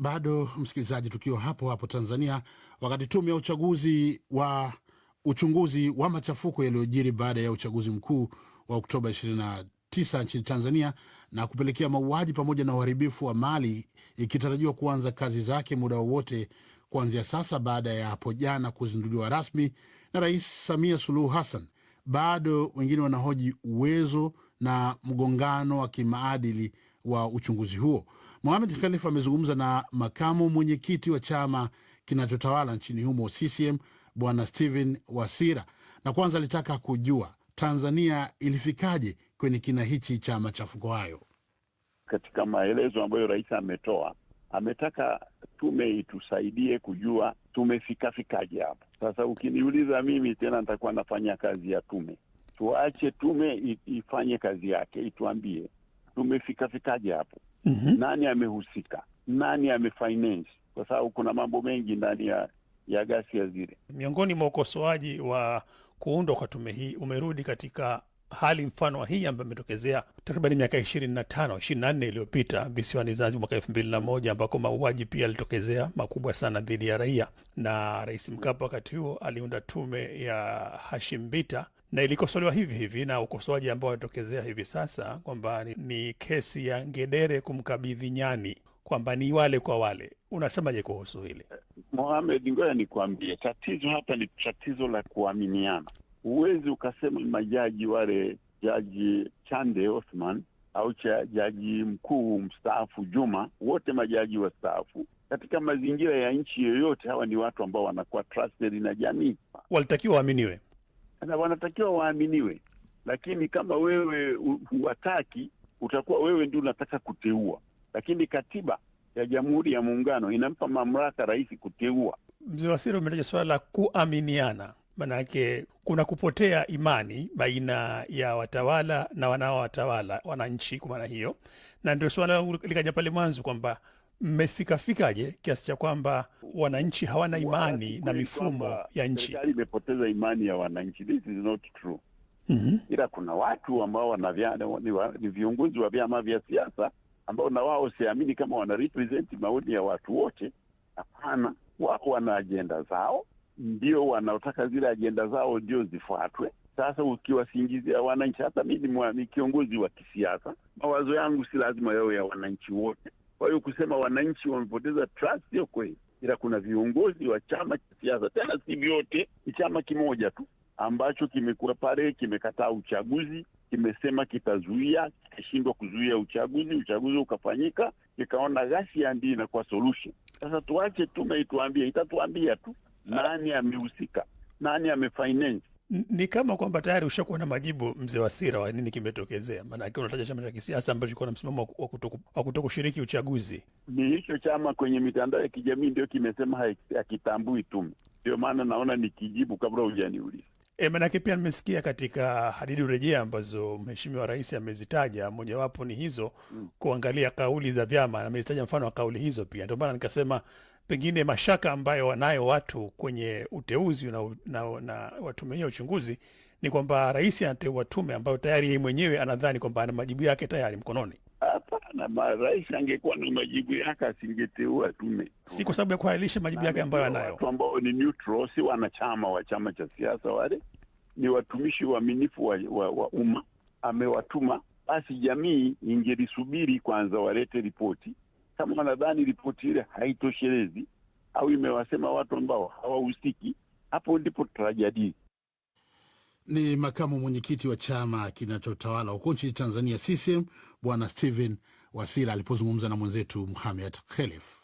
bado msikilizaji, tukiwa hapo hapo Tanzania, wakati tume ya uchaguzi wa uchunguzi wa machafuko yaliyojiri baada ya uchaguzi mkuu wa Oktoba 29 nchini Tanzania na kupelekea mauaji pamoja na uharibifu wa mali ikitarajiwa kuanza kazi zake muda wowote kuanzia sasa, baada ya hapo jana kuzinduliwa rasmi na Rais Samia Suluhu Hassan. Bado wengine wanahoji uwezo na mgongano wa kimaadili wa uchunguzi huo. Mohamed khalif amezungumza na makamu mwenyekiti wa chama kinachotawala nchini humo CCM Bwana stehen Wasira, na kwanza alitaka kujua Tanzania ilifikaje kwenye kina hichi cha machafuko hayo. Katika maelezo ambayo rais ametoa, ametaka tume itusaidie kujua tumefikafikaje hapo. Sasa ukiniuliza mimi tena, nitakuwa nafanya kazi ya tume. Tuache tume ifanye kazi yake, ituambie tumefikafikaje hapo mm -hmm. nani amehusika, nani amefinance, kwa sababu kuna mambo mengi ndani ya ya gasia zile. Miongoni mwa ukosoaji wa kuundwa kwa tume hii umerudi katika hali mfano wa hii ambayo imetokezea takriban miaka ishirini na tano ishirini na nne iliyopita visiwani zanzi mwaka elfu mbili na moja ambako mauaji pia yalitokezea makubwa sana dhidi ya raia, na Rais Mkapa wakati huo aliunda tume ya Hashim Bita na ilikosolewa hivi hivi na ukosoaji ambao unatokezea hivi sasa kwamba ni, ni kesi ya ngedere kumkabidhi nyani kwamba ni wale kwa wale. Unasemaje kuhusu hili Mohamed? Ngoja nikuambie tatizo hapa ni tatizo la kuaminiana huwezi ukasema majaji wale, jaji Chande Othman au cha jaji mkuu mstaafu Juma, wote majaji wastaafu katika mazingira ya nchi yoyote, hawa ni watu ambao wanakuwa trusted na jamii, walitakiwa waaminiwe na wanatakiwa waaminiwe. Lakini kama wewe huwataki, utakuwa wewe ndio unataka kuteua, lakini katiba ya Jamhuri ya Muungano inampa mamlaka rais kuteua. Mzee Wasiri, umetaja swala la kuaminiana Manake kuna kupotea imani baina ya watawala na wanaowatawala wananchi, kwa maana hiyo, na ndio suala likaja pale mwanzo kwamba mmefikafikaje kiasi cha kwamba wananchi hawana imani na mifumo ya nchi. Serikali imepoteza imani ya wananchi. This is not true. Mm -hmm. Ila kuna watu ambao ni viongozi wa vyama vya siasa ambao na wao siamini kama wana maoni ya watu wote. Hapana, wako wana ajenda zao ndio wanaotaka zile ajenda zao ndio zifuatwe. Sasa ukiwasingizia wananchi, hata mi ni kiongozi wa kisiasa, mawazo yangu si lazima yao ya wananchi wote. Kwa hiyo kusema wananchi wamepoteza trust sio kweli, ila kuna viongozi wa chama cha siasa, tena si vyote, ni chama kimoja tu ambacho kimekuwa pale, kimekataa uchaguzi, kimesema kitazuia, kikashindwa kuzuia uchaguzi, uchaguzi ukafanyika, kikaona ghasia ndio inakuwa solution. Sasa tuache tume ituambie, itatuambia tu nani amehusika, nani amefinance. Ni kama kwamba tayari ushakuwa na majibu, mzee Wasira, wa nini kimetokezea. Maanake unataja chama cha kisiasa ambacho kilikuwa na msimamo wa kuto kushiriki uchaguzi. Ni hicho chama kwenye mitandao ya kijamii ndio kimesema hakitambui tume. Ndio maana naona ni kijibu kabla hujaniuliza. E, eh, manake pia nimesikia katika hadidu rejea ambazo Mheshimiwa Rais amezitaja, mojawapo ni hizo mm, kuangalia kauli za vyama, amezitaja mfano wa kauli hizo pia. Ndio maana nikasema pengine mashaka ambayo wanayo watu kwenye uteuzi na, na, na watume wenyewe uchunguzi ni kwamba rais anateua tume ambayo tayari yeye mwenyewe anadhani kwamba ana majibu yake tayari mkononi marais angekuwa na majibu yake asingeteua tume, si kwa sababu ya kuhalalisha majibu yake ambayo anayo. Watu ambao ni neutral, si wanachama wa chama cha siasa, wale ni watumishi waaminifu wa, wa, wa umma amewatuma. Basi jamii ingelisubiri kwanza walete ripoti, kama wanadhani ripoti ile haitoshelezi au imewasema watu ambao hawahusiki, hapo ndipo tutajadili. Ni makamu mwenyekiti wa chama kinachotawala huko nchini Tanzania CCM Bwana Steven Wasira alipozungumza na mwenzetu Muhamed Khelef.